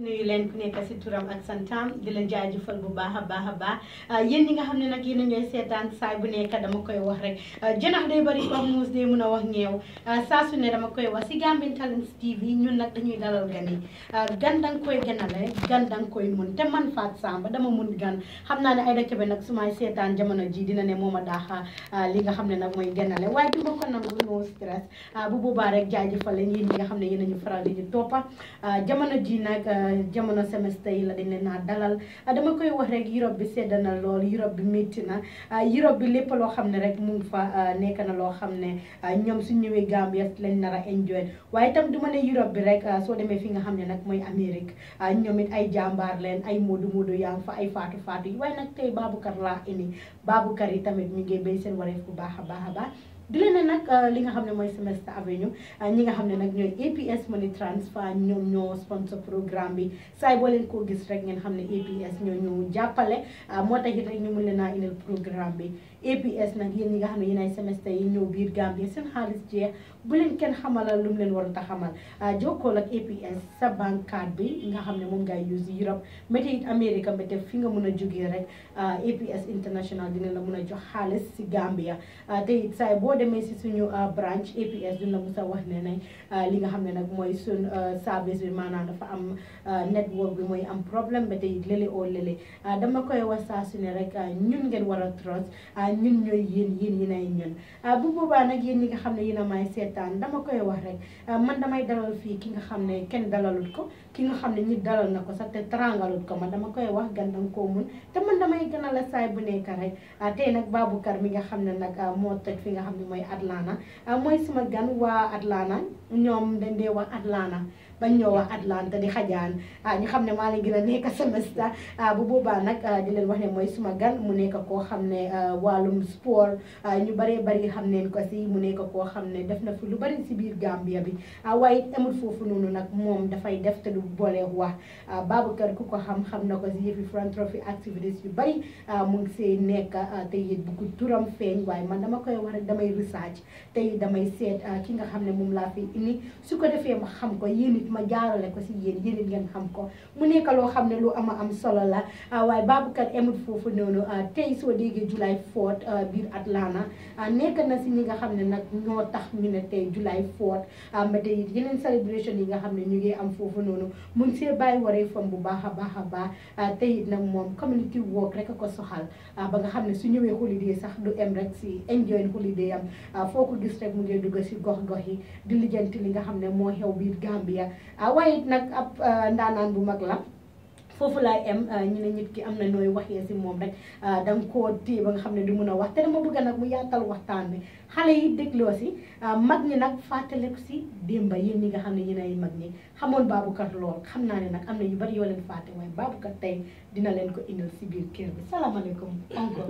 nuyu len ku nekk ci turam ak santam di leen jaajëfal bu baax a ba ah, yeen ñi nga xamne nak yeen ñoy sétane sa bu nekk dama koy wax rek ah, jeenax day bari ko mus day mëna wax ñew ah, sa su ne dama koy wax ci gambin talent TV ñun nak dañuy dalal gani. gan dang koy gënalé gan dang koy mën te man Fatou Samba dama mën gan xamna naa ne ay dëkk be nak su sétane jamono ji dina ne moma a li nga xamne nak moy gënalé way stress bu ba rek jaajëfal leen ñi nga xamne yeen ñu faral di topa jamono ji nak jamono semestre yi la dañ leen naa dalal dama koy wax rek Europe bi sedd na lool Europe bi métti na Europe bi lépp loo xam ne rek mu fa ah, nekk na loo xam ne ah, ñoom suñ ñëwee Gambia lañ nar a enjoy waaye tam du ma ne Europe bi rek ah, soo demee fi nga xam ne nag mooy Amérique ñoom it ay jàmbaar leen ay moodu moodu yaa ngi fa ay faatu faatu waaye nag tey Baboucarr laa indi Baboucarr yi tamit ñu ngi bay seen wareef bu baax a baax a baax di leen ne nag euh, li nga xam ne mooy Semester Avenue euh, ñi nga xam ne nag ñooy APS Money Transfer ñoom ñoo bi saay boo leen koo rek ngeen xam ne ñoo ñu jàppale euh, moo tax it rek ñu mun leen a indil programme bi APS nag ñi nga xam ne yéen ay semester yi ñëw biir Gambie seen xaalis jeex bu leen kenn xamalal lu mu leen warut a xamal jokkool ak APS sa bank card bi nga xam ne moom ngay use Europe mété it Amérique mété fi nga mun a jugee rek APS international dina la mun a jox xaalis si Gambia te it saay boo demee si suñu euh, branch APS dina musa wax ne ne euh, li nga xam ne nag mooy suñ euh, service bi maanaam dafa am network bi mooy am problème ba tey lële dama koy wax saa su rek ñun ngeen war a trust ñooy yéen yéen yi nay ñun bu boobaa nag yéen ñi nga xam ne yéen a may seetaan dama koy wax rek man damay dalal fii ki nga xam ne kenn dalalut ko ki nga xam ne nit dalal na ko sax te ko man dama koy wax gandam koo te man damay gën a mi nga xam ne nag moo toj fi nga xam ne mooy Atlanta euh, mooy suma gan waa Atlanta ñoom dañ dee wax bañ ñoo wax Atlanta di xajaan ah, ñu xam ne maa leen gën a nekk semestre ah, bu boobaa nag ah, di leen wax ne mooy suma gan mu nekk koo xam ne wàllum sport ñu baree bari xam neen ko si mu nekk koo xam ne def na fi lu bari si biir Gambia bi waaye amul foofu noonu nag moom dafay def te du boole wax Baboucarr ku ko xam-xam na ko si yëfi philanthropy activities yu bari mu ngi see nekk te it bu turam feeñ waaye man dama koy war rek damay research te it damay seet ki nga xam ne moom laa fi indi su ko defee ma xam ko yéen ma jaarale ko si yéen yéen ngeen xam ko mu nekk loo xam ne lu ama am solo la ah, waaye Baboucarr emut foofu noonu ah, tey soo déggee July 4 ah, biir Atlanta nekk na si ñi nga xam ne nag ñoo tax ñu ne tey July 4 ba tey yeneen célébration yi nga xam ne ñu ngi am foofu noonu mun see bàyyi waree fam bu baax a baax a baax tey it nag moom community work rek a ko soxal ba nga xam ne su ñëwee holiday sax du em rek si enjoy holiday am foo ko gis rek mu ngi si gox gox yi di li nga xam ne moo xew biir Gambia Ah, waaye it nag ab ah, ndaanaan bu mag la foofu laay am ah, ñu ne nit ki am na nooy waxee si moom rek da nga koo téye ba nga xam ne du mun a wax te dama bëgg nag mu yaatal waxtaan bi xale yi dégloo si mag ñi nag fàttaliku si démba yéen ñi nga xam ne yéen ay mag ñi xamoon baabukat lool xam naa ne nag am na yu bari yoo leen fàtte waaye baabukat tey dina leen ko indil si biir kër bi salaamaaleykum encore